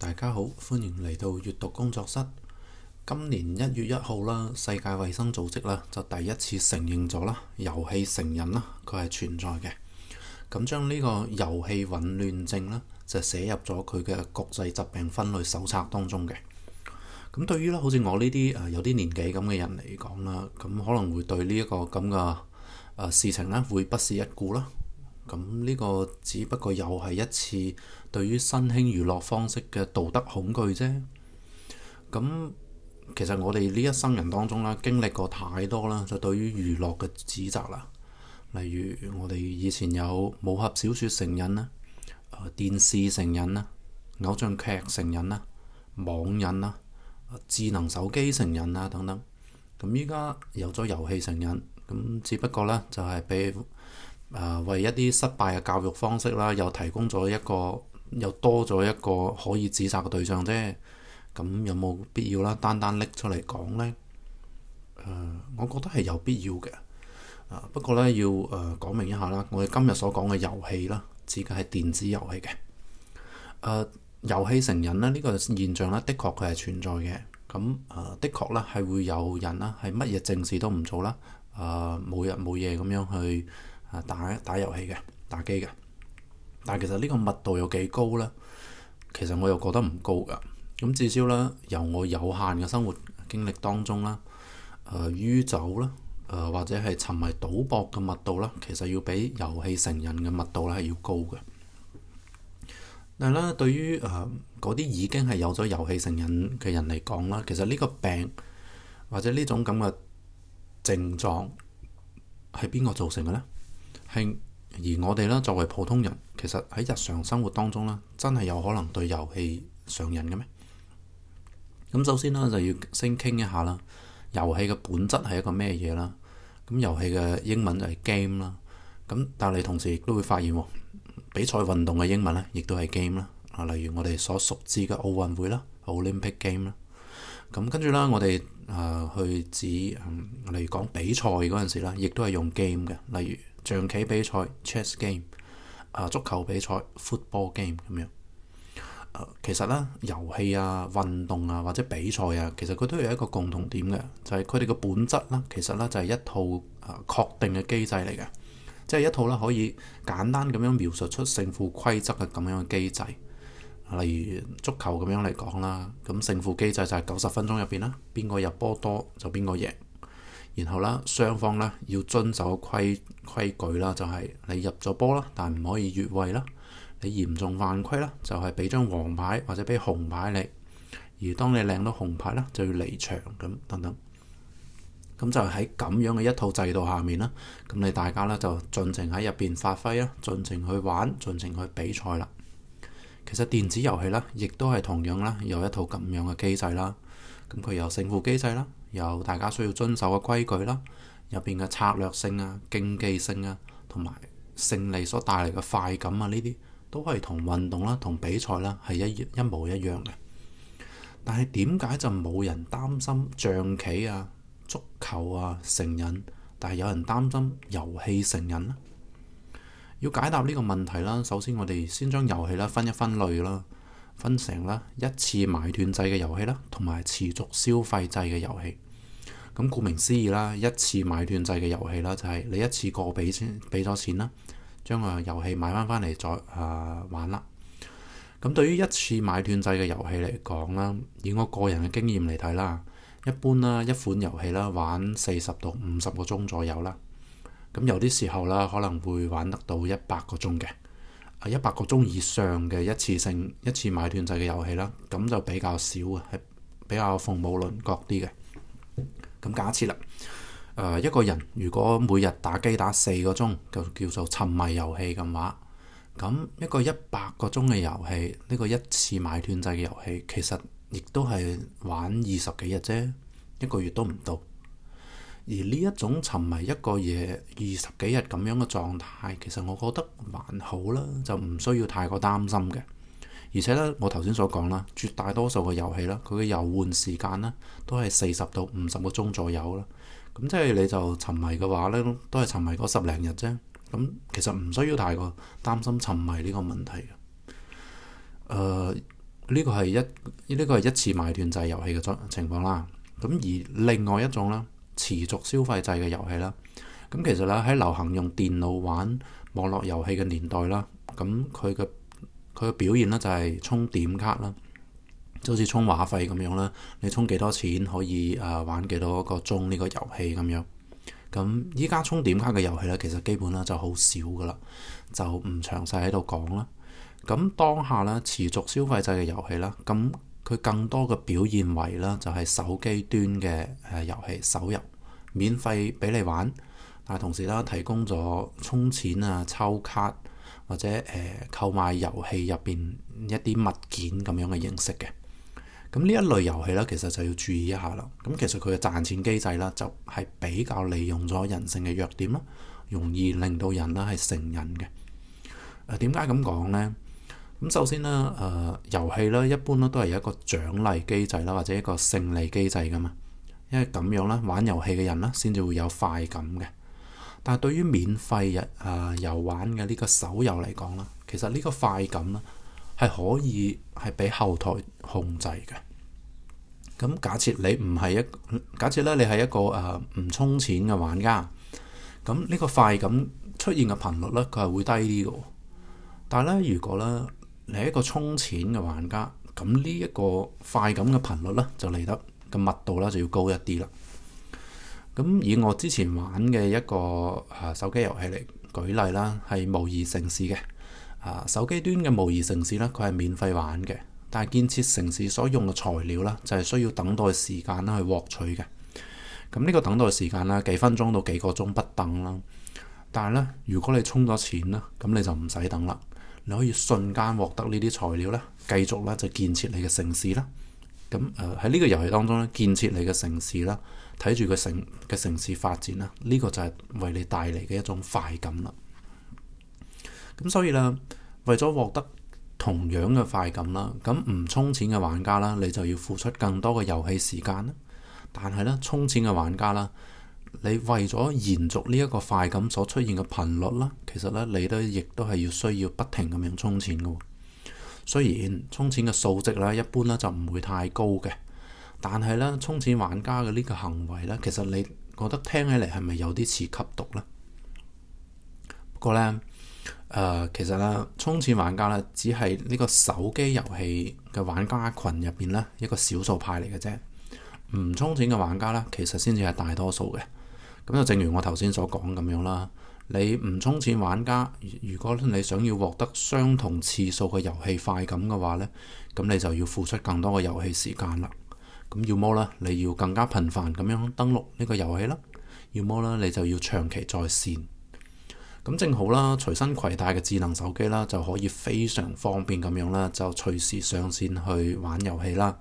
大家好，歡迎嚟到閱讀工作室。今年一月一號啦，世界衛生組織啦就第一次承認咗啦，遊戲成癮啦，佢係存在嘅。咁將呢個遊戲混亂症啦，就寫入咗佢嘅國際疾病分類手冊當中嘅。咁、嗯、對於啦，好似我呢啲誒有啲年紀咁嘅人嚟講啦，咁可能會對呢、這、一個咁嘅誒事情呢會不屑一顧啦。咁呢個只不過又係一次對於新興娛樂方式嘅道德恐懼啫。咁、嗯、其實我哋呢一生人當中啦，經歷過太多啦，就對於娛樂嘅指責啦，例如我哋以前有武俠小說成癮啦，誒、呃、電視成癮啦，偶像劇成癮啦，網癮啦，智能手機成癮啦等等。咁依家有咗遊戲成癮，咁只不過呢，就係、是、俾。誒，為一啲失敗嘅教育方式啦，又提供咗一個又多咗一個可以指責嘅對象啫。咁有冇必要啦？單單拎出嚟講呢，誒、呃，我覺得係有必要嘅、呃。不過呢，要誒、呃、講明一下啦，我哋今日所講嘅遊戲啦，指嘅係電子遊戲嘅。誒、呃，遊戲成癮咧呢、呢個現象呢，的確佢係存在嘅。咁誒、呃、的確呢，係會有人啦，係乜嘢正事都唔做啦，誒、呃，冇日冇夜咁樣去。啊！打打遊戲嘅，打機嘅，但係其實呢個密度有幾高呢？其實我又覺得唔高㗎。咁至少啦，由我有限嘅生活經歷當中啦，誒、呃，酗酒啦，誒、呃、或者係沉迷賭博嘅密度啦，其實要比遊戲成癮嘅密度咧係要高嘅。但係咧，對於誒嗰啲已經係有咗遊戲成癮嘅人嚟講啦，其實呢個病或者呢種咁嘅症狀係邊個造成嘅呢？而我哋咧，作為普通人，其實喺日常生活當中咧，真係有可能對遊戲上癮嘅咩？咁首先呢，就要先傾一下啦。遊戲嘅本質係一個咩嘢啦？咁遊戲嘅英文就係 game 啦。咁但你同時亦都會發現，哦、比賽運動嘅英文呢，亦都係 game 啦。啊、呃，例如我哋所熟知嘅奧運會啦，Olympic Game 啦。咁跟住咧，我哋啊去指例如講比賽嗰陣時咧，亦都係用 game 嘅，例如。象棋比賽、Chess Game、啊、足球比賽、Football Game 咁樣、呃，其實呢，遊戲啊、運動啊或者比賽啊，其實佢都有一個共同點嘅，就係佢哋嘅本質啦。其實呢，就係、是、一套啊確、呃、定嘅機制嚟嘅，即係一套啦可以簡單咁樣描述出勝負規則嘅咁樣嘅機制、啊。例如足球咁樣嚟講啦，咁勝負機制就係九十分鐘入邊啦，邊個入波多就邊個贏。然後啦，雙方啦要遵守規規矩啦，就係你入咗波啦，但唔可以越位啦。你嚴重犯規啦，就係俾張黃牌或者俾紅牌你。而當你領到紅牌啦，就要離場咁等等。咁就喺咁樣嘅一套制度下面啦，咁你大家咧就盡情喺入邊發揮啦，盡情去玩，盡情去比賽啦。其實電子遊戲啦，亦都係同樣啦，有一套咁樣嘅機製啦。咁佢有勝負機制啦。有大家需要遵守嘅規矩啦，入邊嘅策略性啊、競技性啊，同埋勝利所帶嚟嘅快感啊，呢啲都可以同運動啦、同比賽啦係一一模一樣嘅。但係點解就冇人擔心象棋啊、足球啊成癮，但係有人擔心遊戲成癮呢？要解答呢個問題啦，首先我哋先將遊戲啦分一分類啦。分成啦，一次買斷制嘅遊戲啦，同埋持續消費制嘅遊戲。咁顧名思義啦，一次買斷制嘅遊戲啦，就係你一次過俾先，俾咗錢啦，將個遊戲買返返嚟再誒、呃、玩啦。咁對於一次買斷制嘅遊戲嚟講啦，以我個人嘅經驗嚟睇啦，一般啦一款遊戲啦玩四十到五十個鐘左右啦。咁有啲時候啦，可能會玩得到一百個鐘嘅。一百個鐘以上嘅一次性一次買斷制嘅遊戲啦，咁就比較少嘅，係比較鳳毛麟角啲嘅。咁假設啦，誒、呃，一個人如果每日打機打四個鐘，就叫做沉迷遊戲嘅話，咁一個一百個鐘嘅遊戲，呢、這個一次買斷制嘅遊戲，其實亦都係玩二十幾日啫，一個月都唔到。而呢一種沉迷一個嘢二十幾日咁樣嘅狀態，其實我覺得還好啦，就唔需要太過擔心嘅。而且咧，我頭先所講啦，絕大多數嘅遊戲啦，佢嘅遊玩時間咧都係四十到五十個鐘左右啦。咁即係你就沉迷嘅話咧，都係沉迷嗰十零日啫。咁其實唔需要太過擔心沉迷呢個問題嘅。誒、呃，呢個係一呢個係一次買斷就係遊戲嘅狀情況啦。咁而另外一種啦，持續消費制嘅遊戲啦，咁其實咧喺流行用電腦玩網絡遊戲嘅年代啦，咁佢嘅佢嘅表現呢就係充點卡啦，就好似充話費咁樣啦。你充幾多錢可以誒玩幾多個鐘呢個遊戲咁樣？咁依家充點卡嘅遊戲呢，其實基本咧就好少噶啦，就唔詳細喺度講啦。咁當下咧持續消費制嘅遊戲啦，咁佢更多嘅表現為啦就係手機端嘅誒遊戲手遊。免費俾你玩，但係同時咧提供咗充錢啊、抽卡或者誒、呃、購買遊戲入邊一啲物件咁樣嘅形式嘅。咁呢一類遊戲咧，其實就要注意一下啦。咁其實佢嘅賺錢機制咧，就係、是、比較利用咗人性嘅弱點咯，容易令到人咧係成癮嘅。誒點解咁講呢？咁首先呢，誒、呃、遊戲咧一般咧都係有一個獎勵機制啦，或者一個勝利機制噶嘛。因為咁樣啦，玩遊戲嘅人啦，先至會有快感嘅。但係對於免費日啊遊玩嘅呢個手遊嚟講啦，其實呢個快感呢，係可以係俾後台控制嘅。咁假設你唔係一個假設咧，你係一個誒唔充錢嘅玩家，咁呢個快感出現嘅頻率呢，佢係會低啲嘅。但係咧，如果咧你係一個充錢嘅玩家，咁呢一個快感嘅頻率呢，就嚟得。嘅密度啦就要高一啲啦。咁以我之前玩嘅一個誒手機遊戲嚟舉例啦，係模擬城市嘅。啊，手機端嘅模擬城市咧，佢係免費玩嘅，但係建設城市所用嘅材料呢，就係需要等待時間咧去獲取嘅。咁呢個等待時間啦，幾分鐘到幾個鐘不等啦。但係呢，如果你充咗錢啦，咁你就唔使等啦，你可以瞬間獲得呢啲材料啦，繼續啦就建設你嘅城市啦。咁誒喺呢個遊戲當中咧，建設你嘅城市啦，睇住個城嘅城市發展啦，呢個就係為你帶嚟嘅一種快感啦。咁所以咧，為咗獲得同樣嘅快感啦，咁唔充錢嘅玩家啦，你就要付出更多嘅遊戲時間啦。但係咧，充錢嘅玩家啦，你為咗延續呢一個快感所出現嘅頻率啦，其實咧你都亦都係要需要不停咁樣充錢㗎喎。雖然充錢嘅數值咧一般咧就唔會太高嘅，但係咧充錢玩家嘅呢個行為咧，其實你覺得聽起嚟係咪有啲似吸毒呢？不過咧，誒、呃、其實咧充錢玩家咧只係呢個手機遊戲嘅玩家群入邊咧一個少數派嚟嘅啫，唔充錢嘅玩家咧其實先至係大多數嘅。咁就正如我頭先所講咁樣啦。你唔充錢玩家，如果你想要獲得相同次數嘅遊戲快感嘅話呢，咁你就要付出更多嘅遊戲時間啦。咁，要麼呢，你要更加頻繁咁樣登錄呢個遊戲啦，要麼呢，你就要長期在線。咁正好啦，隨身攜帶嘅智能手機啦，就可以非常方便咁樣啦，就隨時上線去玩遊戲啦。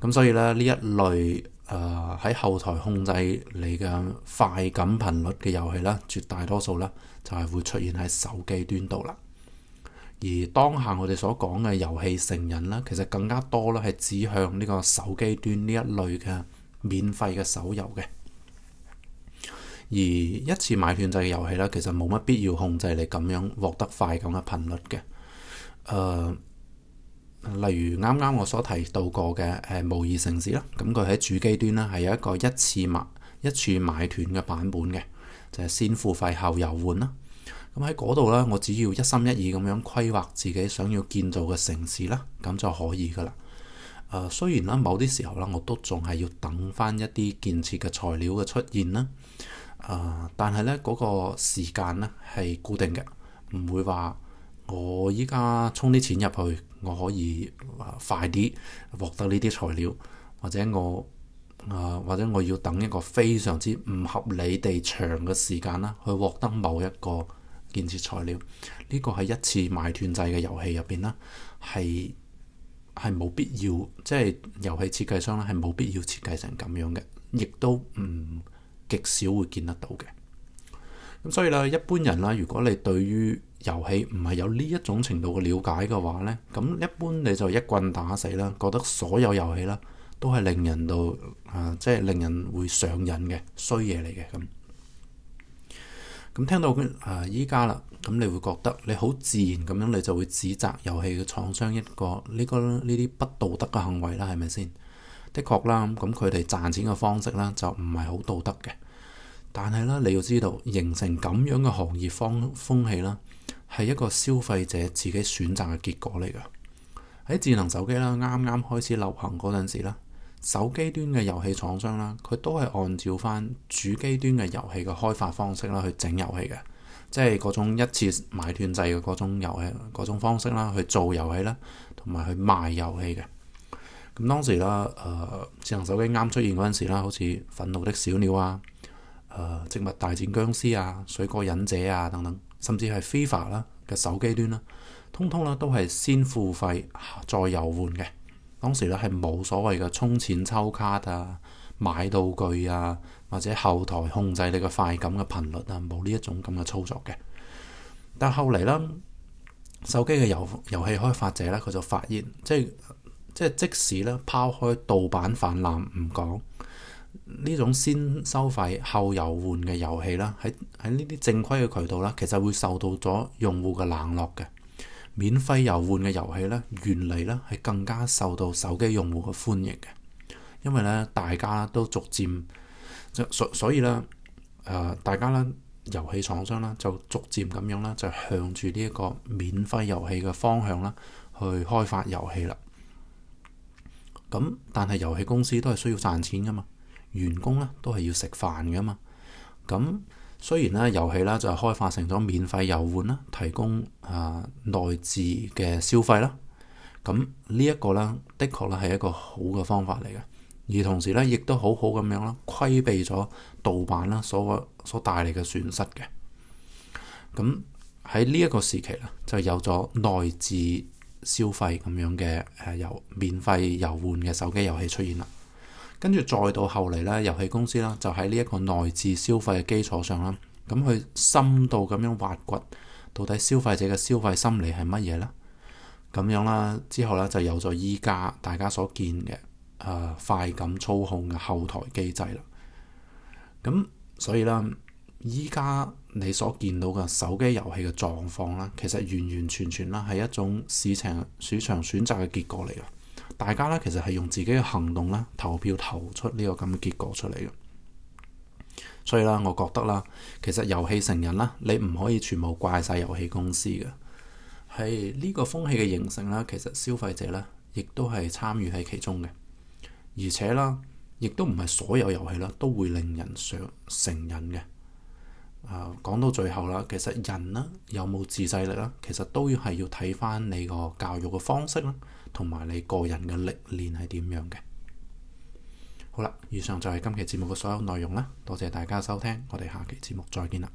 咁所以呢，呢一類。誒，喺、uh, 後台控制你嘅快感頻率嘅遊戲啦，絕大多數啦就係會出現喺手機端度啦。而當下我哋所講嘅遊戲成癮啦，其實更加多啦係指向呢個手機端呢一類嘅免費嘅手遊嘅。而一次買斷制嘅遊戲啦，其實冇乜必要控制你咁樣獲得快感嘅頻率嘅。誒、uh,。例如啱啱我所提到過嘅，誒，模擬城市啦，咁佢喺主機端咧係有一個一次買一次買斷嘅版本嘅，就係、是、先付費後遊玩啦。咁喺嗰度咧，我只要一心一意咁樣規劃自己想要建造嘅城市啦，咁就可以噶啦。誒、呃，雖然啦，某啲時候咧，我都仲係要等翻一啲建設嘅材料嘅出現啦。誒、呃，但係咧嗰個時間咧係固定嘅，唔會話我依家充啲錢入去。我可以快啲獲得呢啲材料，或者我啊，或者我要等一個非常之唔合理地長嘅時間啦，去獲得某一個建設材料。呢個係一次買斷制嘅遊戲入邊啦，係係冇必要，即係遊戲設計商咧係冇必要設計成咁樣嘅，亦都唔極少會見得到嘅。咁所以啦，一般人啦，如果你對於遊戲唔係有呢一種程度嘅了解嘅話呢，咁一般你就一棍打死啦，覺得所有遊戲啦都係令人到啊、呃，即係令人會上癮嘅衰嘢嚟嘅咁。咁聽到啊，依家啦，咁你會覺得你好自然咁樣，你就會指責遊戲嘅廠商一個呢、呢個呢啲不道德嘅行為啦，係咪先？的確啦，咁佢哋賺錢嘅方式咧就唔係好道德嘅。但係咧，你要知道形成咁樣嘅行業風風氣啦，係一個消費者自己選擇嘅結果嚟㗎。喺智能手機啦，啱啱開始流行嗰陣時啦，手機端嘅遊戲廠商啦，佢都係按照翻主機端嘅遊戲嘅開發方式啦，去整遊戲嘅，即係嗰種一次買斷制嘅嗰種遊戲嗰種方式啦，去做遊戲啦，同埋去賣遊戲嘅。咁當時啦，誒、呃，智能手機啱出現嗰陣時啦，好似《憤怒的小鳥》啊。誒、植物大戰僵屍啊、水果忍者啊等等，甚至係 FIFA 啦嘅手機端啦，通通啦都係先付費再遊玩嘅。當時咧係冇所謂嘅充錢抽卡啊、買道具啊，或者後台控制你個快感嘅頻率啊，冇呢一種咁嘅操作嘅。但後嚟啦，手機嘅遊遊戲開發者咧，佢就發現，即係即係即使咧拋開盜版泛濫唔講。呢種先收費後遊玩嘅遊戲啦，喺喺呢啲正規嘅渠道啦，其實會受到咗用戶嘅冷落嘅。免費遊玩嘅遊戲呢，原嚟呢係更加受到手機用戶嘅歡迎嘅，因為呢大家都逐漸，所所以呢誒、呃、大家呢遊戲廠商呢，就逐漸咁樣呢就向住呢一個免費遊戲嘅方向啦去開發遊戲啦。咁但係遊戲公司都係需要賺錢㗎嘛。員工咧都係要食飯㗎嘛，咁雖然咧遊戲咧就是、開發成咗免費遊玩啦，提供誒、呃、內置嘅消費啦，咁、啊、呢一個呢，的確咧係一個好嘅方法嚟嘅，而同時呢，亦都好好咁樣啦，規避咗盜版啦所所帶嚟嘅損失嘅。咁喺呢一個時期啦，就有咗內置消費咁樣嘅誒遊免費遊玩嘅手機遊戲出現啦。跟住再到後嚟咧，遊戲公司啦，就喺呢一個內置消費嘅基礎上啦，咁、嗯、去深度咁樣挖掘，到底消費者嘅消費心理係乜嘢咧？咁樣啦，之後咧就有咗依家大家所見嘅誒、呃、快感操控嘅後台機制啦。咁、嗯、所以啦，依家你所見到嘅手機遊戲嘅狀況啦，其實完完全全啦係一種市場市場選擇嘅結果嚟㗎。大家咧其實係用自己嘅行動咧投票投出呢個咁嘅結果出嚟嘅，所以啦，我覺得啦，其實遊戲成癮啦，你唔可以全部怪晒遊戲公司嘅，係呢個風氣嘅形成啦，其實消費者咧亦都係參與喺其中嘅，而且啦，亦都唔係所有遊戲啦都會令人成癮嘅。誒，講到最後啦，其實人啦有冇自制力啦，其實都要係要睇翻你個教育嘅方式啦，同埋你個人嘅歷練係點樣嘅。好啦，以上就係今期節目嘅所有內容啦。多謝大家收聽，我哋下期節目再見啦。